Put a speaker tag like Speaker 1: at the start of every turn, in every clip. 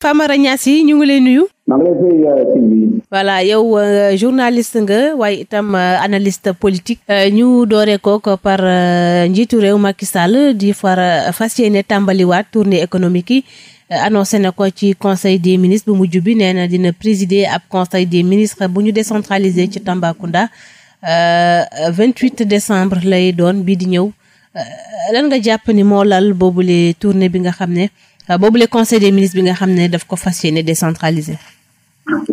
Speaker 1: Famara Niassy ñu ngi lay nuyu. maa ngi euh, yow euh, journaliste nga waaye itam euh, analyste politique. ñu dooree ko par njiitu réew Macky Sall di far fas yéene tàmbaliwaat tournée économique yi annoncé na ko ci conseil des ministres bu mujj bi nee na dina présider ab conseil des ministre bu ñu décentralisé ci Tambacounda 28 décembre lay doon bii di ñëw lan nga jàpp ni moo lal boobule tournée bi nga xam ne. Euh, boobu le conseil des ministres bi nga xam ne daf ko fas yéene décentralisé.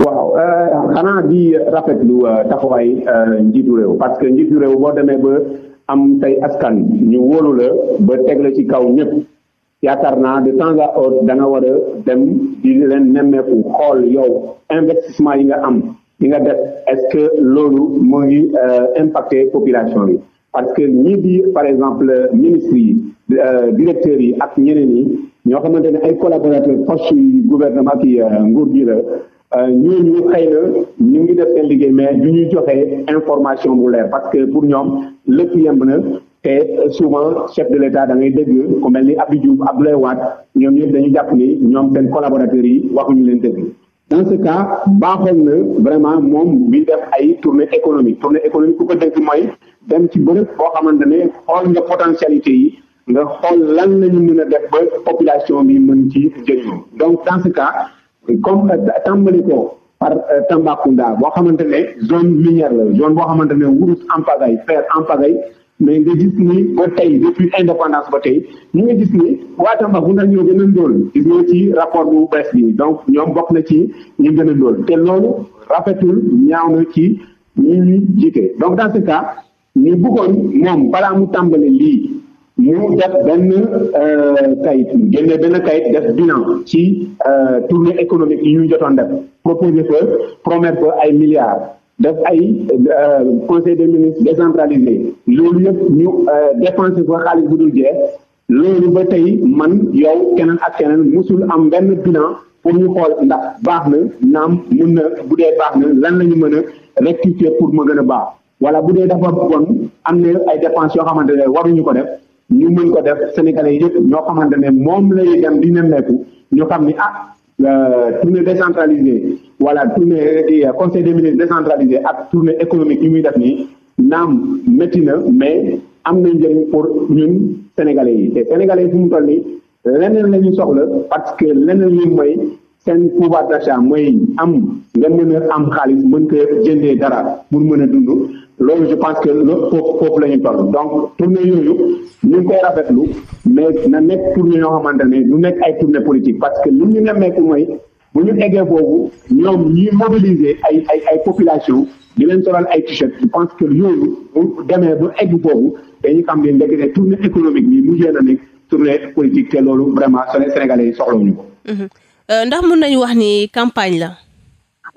Speaker 2: waaw euh, xanaa di rafetlu euh, taxawaay njiitu réew parce que njiitu réew boo demee ba am tey askan ñu wolu la ba teg la ci kaw ñëpp yaakaar naa de temps à autre da nga war a dem di leen nemmeeku xool yow investissement yi nga am yi nga def est-ce que loolu moo ngi impacté population yi parce que ñii di par exemple ministres yi directeurs yi ak ñeneen yi. ñoo xamante ne ay collaborateurs force gouvernement ki euh, nguur gi la euh, ñooñu xëy na ñu ngi def seen liggéey mais du ñuy joxe information bu leer parce que pour ñoom lépp yemb na te souvent chef de l'État da ngay dégg ku mel ni Abdou Diouf lay waat ñoom ñëpp dañu jàpp ni ñoom seen collaborateurs yi waxuñu leen dëgg dans ce cas baaxoon na vraiment moom bi def ay tournée économique tournée économique ku ko dégg mooy dem ci bërëb boo xamante ne xool nga potentialité yi nga xool lan lañu mën a def ba population bi mën ci jëriñoo donc dans ce cas comme euh, tàmbali ko par euh, Tambacounda boo xamante ne zone minière la zone boo xamante ne wurus en pagaille fer en pagaille mais nga gis ni ba tey depuis indépendance ba tey ñu nga gis ni waa Tambacounda ñoo gën a ndóol gis nga ci rapport bu bees bi donc ñoom bokk na ci ñu gën a ndóol te loolu rafetul ñaaw na ci ñi ñu jiite donc dans ce cas ñu moom balaa mu tàmbali lii ñu def benn euh, kayit génne benn kayit def bilan ci euh, tournée économique yu ñu jotoon def proposé fa promettre fa ay milliards def ay euh, conseil des ministres décentralisé loolu yëpp ñu dépensé fa xaalis bu dul jeex loolu ba tey man yow keneen ak keneen musul am benn bilan pour ñu xool ndax baax na naam mun na bu dee baax na lan la ñu mën a rectifier pour ma gën a baax wala bu dee dafa bon am na ay dépenses yoo xamante ne waruñu ko def ñu mën ko def sénégalais yëpp ñoo xamante ne moom lay dem di nemmeeku ñu xam ni ah tournée décentralisée wala tournée euh, conseil des ministres décentralisé ak tournée économique yi muy def nii naam métti na mais am nañ njëriñ pour ñun sénégalais yi te sénégalais yi fu mu toll nii leneen la ñu soxla parce que leneen li mooy seen pouvoir d'achat mooy am nga mën a am xaalis mën ko jëndee dara pour mën a dund loolu je pense que loolu foofu foofu la donc tournée yooyu ñu ngi koy rafetlu mais na nekk tournée yoo xamante ne du nekk ay tournée politique parce que lu ñu nemmeeku mooy bu ñu eggee foofu ñoom ñuy mobiliser ay ay ay di leen solal ay t-shirt je pense que yooyu bu demee bu egg foofu dañuy xam ne ndekete tournée économique bi mujjee na nekk tournée politique te loolu vraiment sone sénégalais yi soxlawuñu ko. Mhm.
Speaker 1: Euh, ndax mën nañu wax ni campagne la.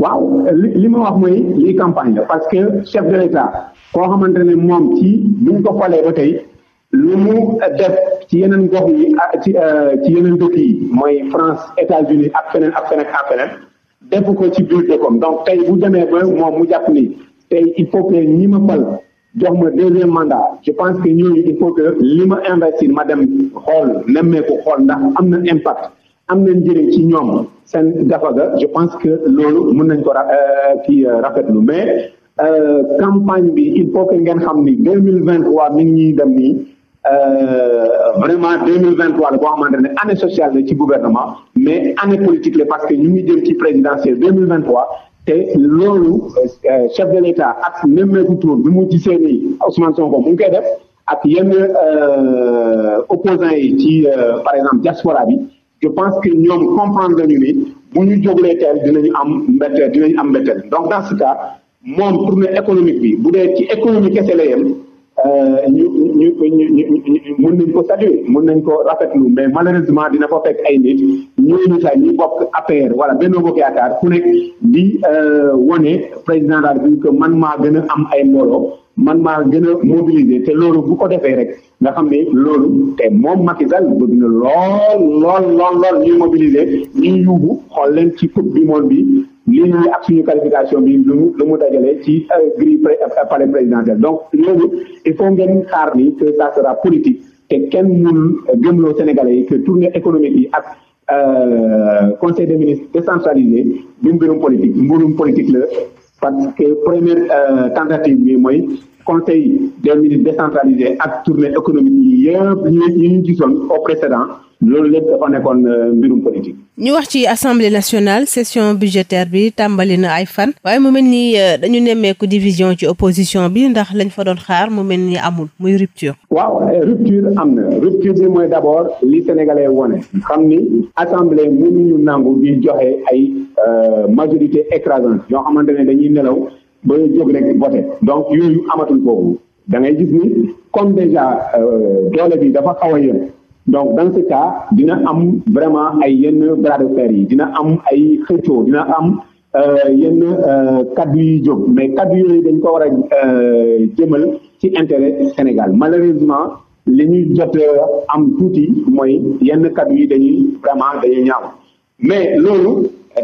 Speaker 1: waaw li ma wax mooy lii campagne la parce
Speaker 2: que chef de l'État koo xamante ne moom ci buñ ko falee ba tey lu mu def ci yeneen gox yi ci euh, ci yeneen dëkk yi mooy France États-Unis ak feneen ak feneen ak feneen ko ci biir dëkkam donc tey bu demee ba moom mu jàpp ni tey il faut que ñi ma fal jox ma deuxième mandat je pense que ñooñu il faut que li ma investir ma dem xool nemmee ko xool ndax am na impact am na njëriñ ci ñoom seen gafaga je pense que loolu mën nañ ko ra euh, kii euh, lu mais euh, campagne bi il faut que ngeen xam ni deux mille vingt trois mi ngi ñuy dem nii vraiment deux mille vingt trois la boo xamante ne année sociale la ci gouvernement mais année politique la parce que ñu ngi jëm ci présidentielle deux mille vingt te loolu chef de l'État ak nemmeeku tur bi mu gisee ni Ousmane Sonko mu ngi koy def ak yenn opposants yi ci par exemple diaspora bi je pense que ñoom comprendre nañu ni bu ñu jóglee teel dinañu am mbetteel dinañu am mbetteel donc dans ce cas moom tournée économique bi bu dee ci économie kese la yem Euh, ñu ñu ñu mën nañ ko saluer mën nañ koo ko rafetlu mais malheureusement dina ko fekk ay nit ñooñu sax ñi bokk APR wala Benno Bokk Yaakaar ku nekk di euh, wone président de la ko man maa gën a am ay mbooloo man maa gën a mobiliser te loolu bu ko defee rek nga xam ne loolu te moom Macky Sall bëgg na lool lool lool lool ñuy mobiliser ñuy xool leen ci coupe du monde bi lii nii ak suñu qualification bi lu mu lu mu dajale ci euh, grille euh, palais présidentiel donc loolu il faut ngeen xaar ni que ça sera politique te kenn mënul gëmloo sénégalais yi que tournée économique yi ak euh, conseil des ministres décentralisé du mbirum politique mbirum politique la parce que première tentative bi mooy conseil des ministres décentralisé ak tournée économique yi yëpp yi ñu gisoon au précédent loolu lépp dafa nekkoon euh, mbirum politique.
Speaker 1: ñu wax ci assemblée nationale session budgétaire bi tàmbali na ay fan. waaye mu mel ni euh, dañu nemmeeku division ci opposition bi ndax lañ fa doon xaar mu mel ni amul muy rupture. waaw
Speaker 2: euh, rupture am na rupture bi mooy d' abord li sénégalais wone xam ni assemblée mënuñu nangu di joxe ay majorité écrasante yoo xamante ne dañuy nelaw. ba jóg rek voté donc yooyu amatul boobu da ngay gis ni comme déjà euh, doole bi dafa xaw a yem donc dans ce dina am vraiment ay yenn bras de yi dina am ay xëccoo dina am euh, yenn euh, kaddu yi jóg mais kaddu yooyu dañ ko war a jëmal ci intéret Sénégal malheureusement li ñuy jot am tuuti mooy yenn kaddu yi dañuy vraiment dañuy ñaaw mais loolu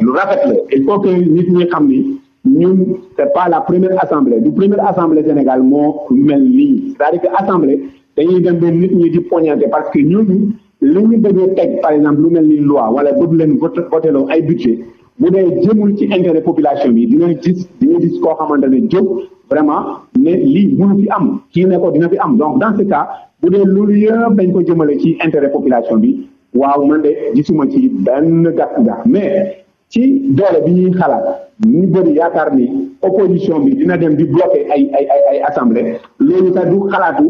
Speaker 2: lu rafet la il faut que nit ñi xam ni ñun c'est pas la première assemblée du première assemblée Sénégal moo mel nii c'est-à-dire que assemblée dañuy dem ba nit ñi di poñante parce que ñooñu li ñu bëggee teg par exemple lu mel ni loi wala bëgg leen voté voteloo ay budget bu dee jëmul ci intérêt population bi dina gis dina gis koo xamante ne jóg vraiment mais lii mënu fi am kii ne ko dina fi am donc dans ce cas bu dee loolu yëpp dañ ko jëmale ci intérêt population bi waaw man de gisuma ci benn gàtt-gàtt mais ci doole bi ñuy xalaat ñu bëri yaakaar ni opposition bi dina dem di bloquer ay ay ay ay assemblée loolu sax du xalaatu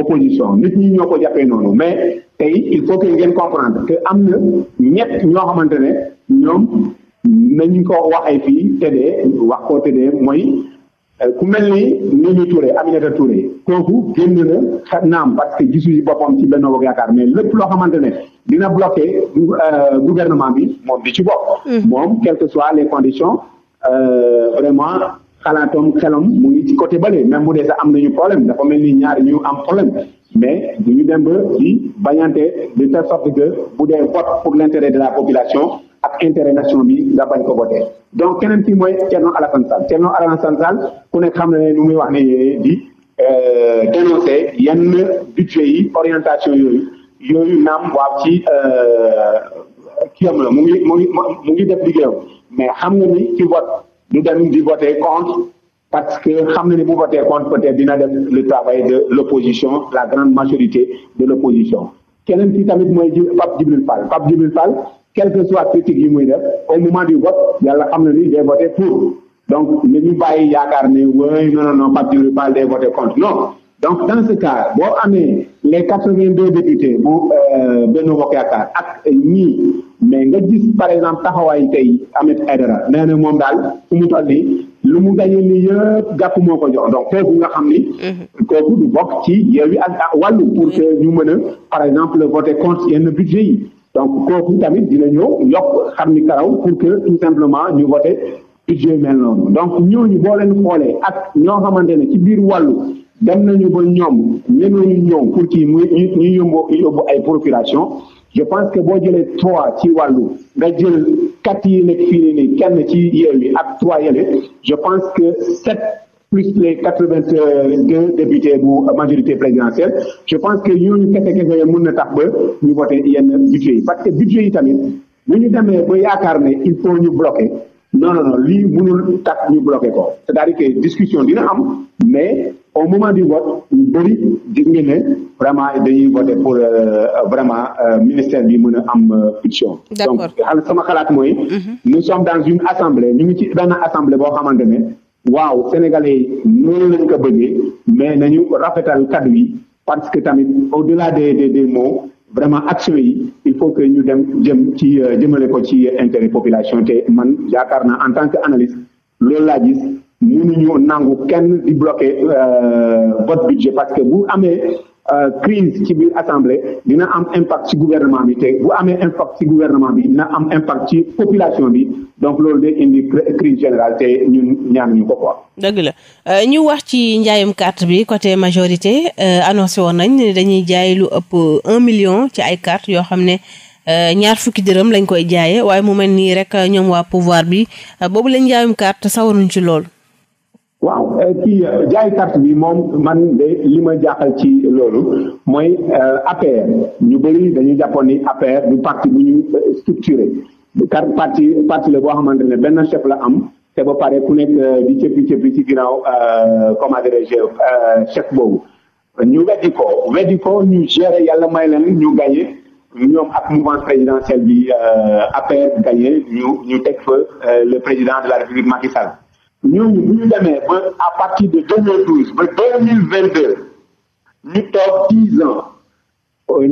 Speaker 2: opposition nit ñi ñoo ko jàppee noonu mais tey il faut que ngeen comprendre que am na ñett ñoo xamante ne ñoom nañu ko waxee fii tëddee wax ko tëddee mooy Euh, ku mel ni ni ñu Touré Aminata Touré kooku génn na xa naam parce que gisuñu boppam ci benn Bokk Yaakaar mais lépp loo xamante ne dina bloqué euh, gouvernement bi moom di ci bopp. Mm-hmm. moom quelles que les conditions euh, vraiment xalaatoom xelam mu ngi ci côté bale même bu dee sax am nañu problème dafa mel ni ñaar ñu am problème mais du ñu dem ba di bañante de telle sorte que bu dee vote pour l' intérêt de la population. ak intérêt nation bi nga bañ ko voté donc keneen kii mooy Thierno Alassane Sall Thierno Alassane Sall ku nekk xam na ne nu muy wax ne di euh, dénoncer yenn budget yi orientation yooyu yooyu naam waaw ci euh, kii am la mu ngi mu ngi mu ngi def liggéeyam mais xam nga ni ci vote di voté contre parce que xam na ni bu voté contre peut dina def le travail de l'opposition la grande majorité de l'opposition keneen kii tamit mooy Pape Djibril Fall Pape Djibril Fall quelle que soit critique yi muy def au moment du vote yàlla xam na ni day voté pour donc ne ñu bàyyi yaakaar ne oui non non non Pape Djibril Fall day voté contre non donc dans ce cas boo amee les quatre vingt deux députés euh, ak ñii mais nga gis par exemple taxawaay tey Ahmed Aïdara nee na moom daal fu mu toll lu mu gañe ni yëpp gàpp moo ko jox donc kooku nga xam ni. Mm-hmm. kooku du bokk ci Yewwi ak wàllu pour que ñu mën par exemple voter contre yenn budget yi. donc kooku tamit dina ñëw yokk xam ni karaw pour que tout simplement ñu voté budget mel noonu donc ñooñu boo leen xoolee ak ñoo xamante ne ci biir wàllu dem nañu ba ñoom ñenooñu ñëw pour kii mu ñu yóbbu yóbbu ay procuration je pense que boo jëlee trois ci wàllu nga jël quatre yi nekk fii nii kenn ci yeew yi ak trois yële je pense que sept plus les quatre-vingt-deux députés bu majorité présidentielle je pense que ñooñu kese kese mën na tax ba ñu voté yenn budget yi parce que budget yi tamit bu ñu demee ba yaakaar ne il faut ñu bloquer non non non lii mënul tax ñu bloqué ko c'est-à-dire que discussion dina am mais au moment du vote ñu bëri gis ngeen ne vraiment dañuy voté pour euh, vraiment euh, ministère bi mën a am fiction euh, donc sama xalaat mooy mhm. nous sommes dans une assemblée ñu ngi ci benn assemblée waaw sénégalais yi noonu lañ ko bëggee mais nañu rafetal kaddu yi parce que tamit au delà des des des moo vraiment action yi il faut que ñu dem jëm ci euh, jëmale ko ci intérêt population te man yaakaar naa en tant que analyse loolu laa gis mënuñu nangu kenn di bloquer euh, vote budget parce que bu amee euh, crise ci biir assemblée dina am impact ci gouvernement bi bu amee impact ci bi dina am impact ci population bi donc loolu de indi crise générale te ñun ñaanuñu ko quoi.
Speaker 1: dëgg la euh, ñu wax ci njaayum carte bi côté majorité annoncé woon nañ dañuy jaay lu ëpp un million ci ay carte yoo xam ne. ñaar fukki dërëm lañ koy jaayee waaye mu mel nii rek ñoom waa pouvoir bi boobu lañ jaayum carte sawaruñ ci lool waaw eh,
Speaker 2: kii eh, jaay carte moom man de li ma jaaxal ci loolu mooy eh, APR ñu bëri dañu jàppoon ni APR du parti bu ñu structuré car parti parti la boo xamante ne benn chef la am te ba pare ku nekk di cëppi cëppi ci ginaaw comment dirais-je chef boobu ñu weddi ko weddi ko ñu gérer yàlla may leen ñu gagné ñoom ak mouvance présidentielle bi APR gagné ñu teg fa le président de la République Macky ñooñu bu ñu demee ba à partir de mille 2012 ba 2022 ñu toog 10 ans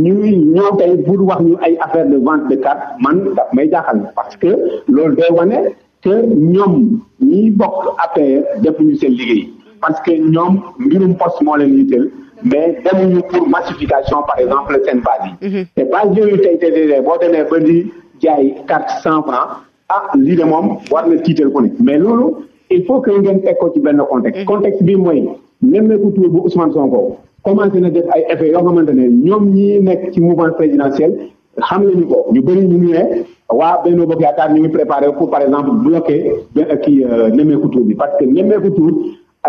Speaker 2: ñu ñëw tey pour wax ñu ay affaire de vente de carte man daf may jaaxal parce que loolu day wane que ñoom ñiy bokk APR defuñu seen liggéey parce que ñoom mbirum poste moo leen yitteel mais demuñu pour massification par exemple seen base yi mhm. te base yooyu tey tey tey boo demee ba di jaay carte cent francs ah lii de moom war na tiital ku ne mais loolu il faut que ngeen teg ci benn contexte. Mm-hmm. contexte bi mooy nemmeeku tur bu Ousmane Sonko commencé na def ay effets yoo xamante ne ñoom ñi nekk ci mouvement présidentiel xam nañu ko ñu bëri ñu ngi ne waa Benno Bokk Yaakaar ñu ngi préparé pour par exemple bloquer kii euh, nemmeeku tur bi parce que nemmeeku tur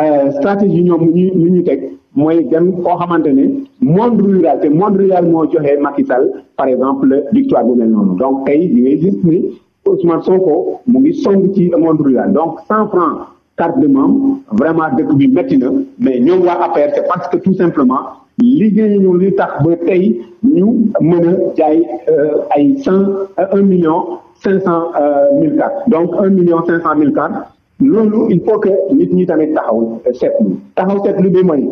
Speaker 2: euh, stratégie ñoom ñu ñu ñu teg mooy gan koo xamante ne monde rural te monde moo joxe Macky par exemple victoire bu mel noonu donc tey di ngay Ousmane Sonko mu ngi song ci monde donc cent francs carte de membre vraiment dëkk bi métti na mais ñoom waa APR c'est parce que tout simplement liggéey ñu li tax ba tey ñu mën a jaay euh, ay cent euh, un million cinq cent euh, mille cartes donc un million cinq cent mille cartes loolu il faut que nit ñi tamit taxaw seetlu taxaw seetlu bi mooy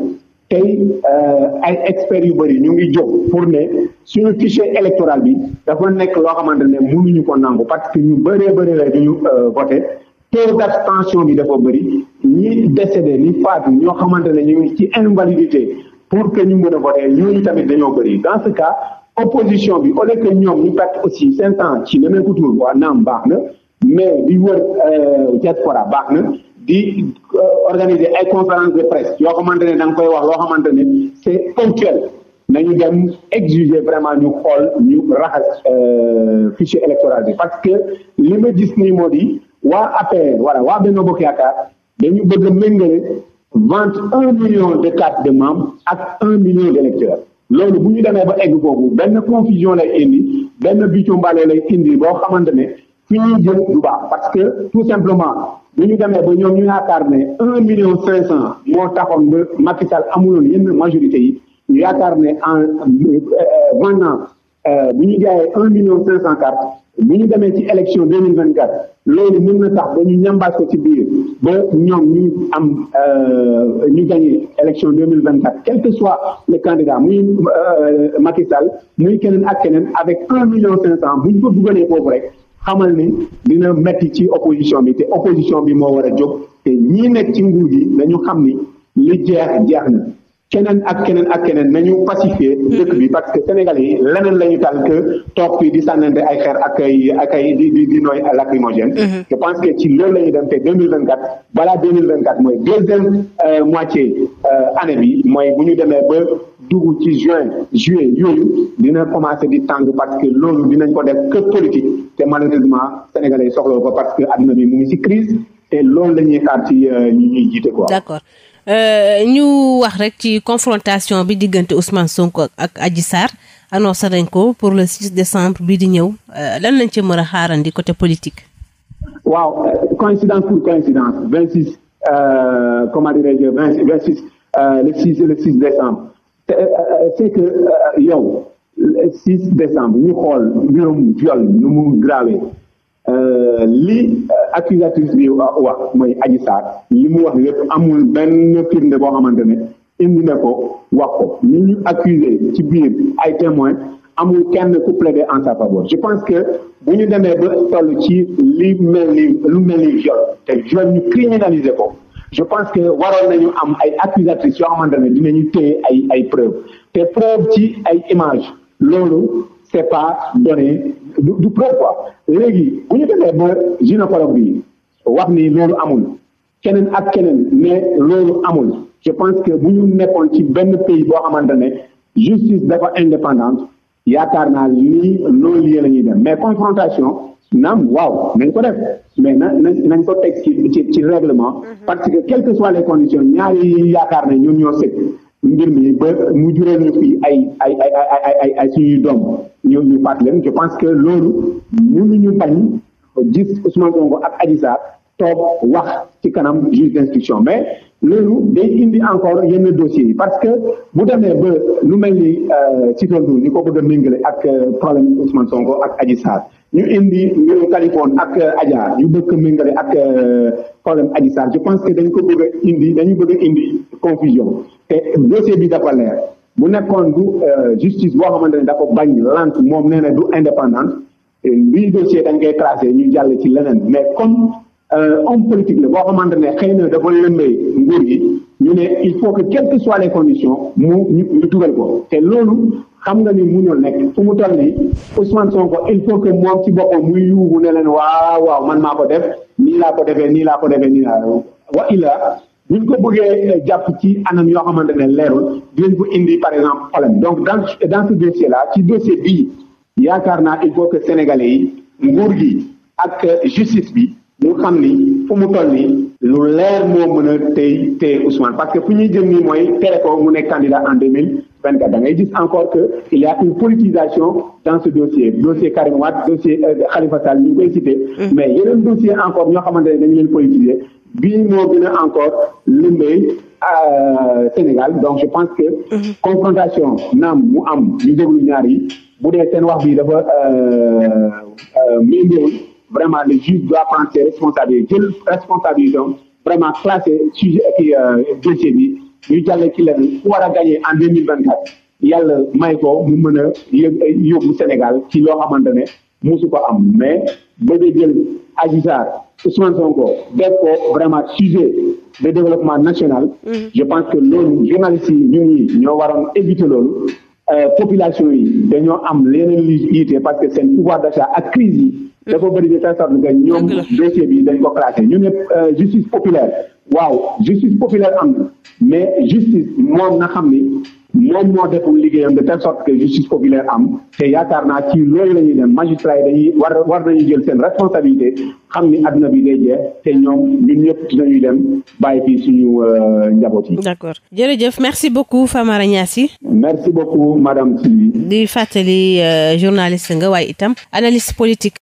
Speaker 2: tey euh, ay experts yu bëri ñu ngi jóg pour ne suñu fichier électoral bi dafa nekk loo xamante ne nu ñu ko nangu parce que ñu bëree bëri la ñu euh, voté taux d'abstention bi dafa bëri ñi décédé ñi faatu ñoo xamante ne ñu ngi ci invalidité pour que ñu mën a voté ñooñu tamit dañoo bëri dans ce cas opposition bi au lieu ñoom ñu perte aussi cinq ans ci nemeeku tur waa naam baax na mais di wër euh, diaspora baax na di euh, organiser ay conférence de presse yoo xamante ne da nga koy wax loo xamante ne c'est ponctuel nañu dem exiger vraiment ñu xool ñu raxas euh, fichier électoral bi parce que li ma gis ni moo di waa APR voilà waa Benno Bokk Yaakaar dañu bëgg a méngale vente un million de cartes de membres ak un million d'électeurs loolu bu ñu demee ba egg boobu benn confusion lay indi benn biccu mbaale lay indi boo xamante ne fi ñuy jëm du baax parce que tout simplement bi ñu demee ba ñoom ñu yaakaar ne un million cinq cent moo taxoon ba Macky Sall amuloon yenn majorité yi ñu yaakaar ne en euh, vendant euh, bu ñu jaayee un million cinq cent cartes bu ñu demee ci élection deux mille vingt quatre loolu mën na tax ba ñu ñambaas ko ci biir ba ñoom ñu am euh, ñu gagné élection deux mille vingt quatre quel que soit le candidat muy Macky Sall muy keneen ak keneen avec un million cinq cent bu ñu ko dugalee foofu rek xamal ni dina metti ci opposition bi te opposition bi moo war a jóg te ñii nekk ci nguur gi dañu xam ni li jeex jeex na keneen ak keneen ak keneen nañu pacifier dëkk bi parce que sénégal yi leneen la ñu tal que toog fii di sànnante ay xer ak ay ak ay di di nooy lacrymogène mhm. je pense que ci loolu la ñuy dem te deux mille vingt quatre balaa deux mille vingt quatre mooy deuxième euh, moitié euh, année bi mooy bu ñu demee ba dugg ci juin juillet yooyu dina commencé di tàng parce que loolu dinañ ko def que politique te malheureusement sénégalais yi soxla ko parce que adduna bi mu ngi ci crise te loolu la ñuy xaar ci euh,
Speaker 1: euh, ñu wax rek ci confrontation bi diggante Ousmane Sonko ak Adji Sarr annoncé nañ ko pour le 6 décembre bii di ñëw euh, lan lañ ci mën a xaarandi côté politique.
Speaker 2: waaw coïncidence pour coïncidence 26 comment dirais-je 26 le 6 le 6 décembre. Euh, euh, c'est que euh, yow 6 décembre ñu xool mbirum viol nu mu grave li accusatrice bi wax mooy Adji Sarr li mu wax lépp amul benn firnde boo xamante ne indi na ko wax ko ñu ñu ci biir ay témoins amul kenn ku plaider en sa faveur je pense que bu ñu demee ba toll ci li mel lu mel ni viol te viol ñu criminaliser ko je pense que waroon nañu am ay accusatrices yoo xamante ne ñu téye ay ay preuves te preuve ci ay image loolu c'est pas donné du du preuve quoi léegi bu ñu demee ba gynécologue bi wax ni loolu amul keneen ak keneen mais loolu amul je pense que bu ñu nekkoon ci benn pays boo xamante ne justice dafa indépendante yaakaar naa lii loolu yéen la ñuy dem mais confrontation. naam waaw nañ ko def mais na nañ ko teg ci ci ci règlement mhm. parce que quelles que soient les conditions ñaari yi yaakaar ne ñoom ñoo sëg mbir mi ba mu juree ñu fii ay ay ay ay ay ay suñuy doom ñu ñu faat leen je pense que loolu mënuñu bañ gis Ousmane Sonko ak Adji Sarr toog wax ci kanam juge d'instruction mais loolu day indi encore yenn dossiers yi parce que bu demee ba lu mel ni Sitor Ndour ñu ko bëgg a méngale ak euh, problème Ousmane Sonko ak Adji Sarr ñu indi mbiru Kalifone ak euh, Adja ñu bëgg ko méngale ak euh, problème Adji Sarr je pense que dañ ko bëgg a indi dañu bëgg indi confusion te dossier bi dafa leer bu nekkoon du justice boo xamante ne dafa bañ lente moom nee na du indépendante lii dossier dañ koy ñu jàll ci leneen mais comme Euh, homme politique la boo xamante ne xëy na dafa lëmbee nguur gi ñu ne il faut que quelles que soient les conditions mu ñu ñu dugal ko te loolu xam nga ni muñul nekk fu mu toll nii Ousmane Sonko il faut que moom ci boppam muy yuuxu ne leen waaw waaw man maa ko def nii laa ko defee nii laa ko defee nii laa ko wa illa buñ ko bëggee eh, jàpp ci anam yoo xamante ne leerul dinañ bu indi par exemple problème donc dans dans ce dossier là ci dossier bii yaakaar naa il faut que sénégalais yi nguur gi eh, bi. mu xam ni fu mu toll nii lu leer moo mën a tey tey Ousmane parce que fu ñuy jëm nii mooy tere mu nekk candidat en deux vingt quatre da ngay gis encore que il y a une politisation dans ce dossier dossier Karim Wade dossier euh, Khalifa Sall ñu mm. mais yeneen dossier encore ñoo xamante ne dañu leen politiser bii moo gën a encore limbay euh, Sénégal donc je pense que. Mm-hmm. confrontation naam mu am ñu déglu ñaar yi bu dee seen wax bi dafa euh, méngóol. vraiment le juge doit prendre ses responsabilités jël responsabilité vraiment classé sujet kii euh, dossier bi ñu jàll ci leneen ku war a gagné en deux yàlla may ko mu mën a yóbbu Sénégal ci loo xamante ne musu ko am mais bëgg jël Adji Sarr Ousmane Sonko def ko vraiment sujet de développement national mm-hmm. je pense que loolu journalistes yi ñun ñoo waroon éviter loolu euh, population yi dañoo am leneen li yitte parce que seen pouvoir d'achat ak crise yi dafa bëri de telle sorte que ñoom dossier bi dañ ko classé ñu ne euh, justice populaire waaw justice populaire am mais justice moom na xam ni moom moo deful liggéeyam de telle sorte que justice populaire am te yaakaar naa ci loolu la ñuy dem magistrat yi dañuy war war nañu jël seen responsabilité xam ni àdduna bi day jeex te ñoom ñun ñëpp dem bàyyi fii suñu euh, njaboot
Speaker 1: yi. d'accord jërëjëf merci beaucoup Famara Niassy. merci beaucoup madame Sylvie. di fàttali euh, journaliste nga waaye itam analyste politique.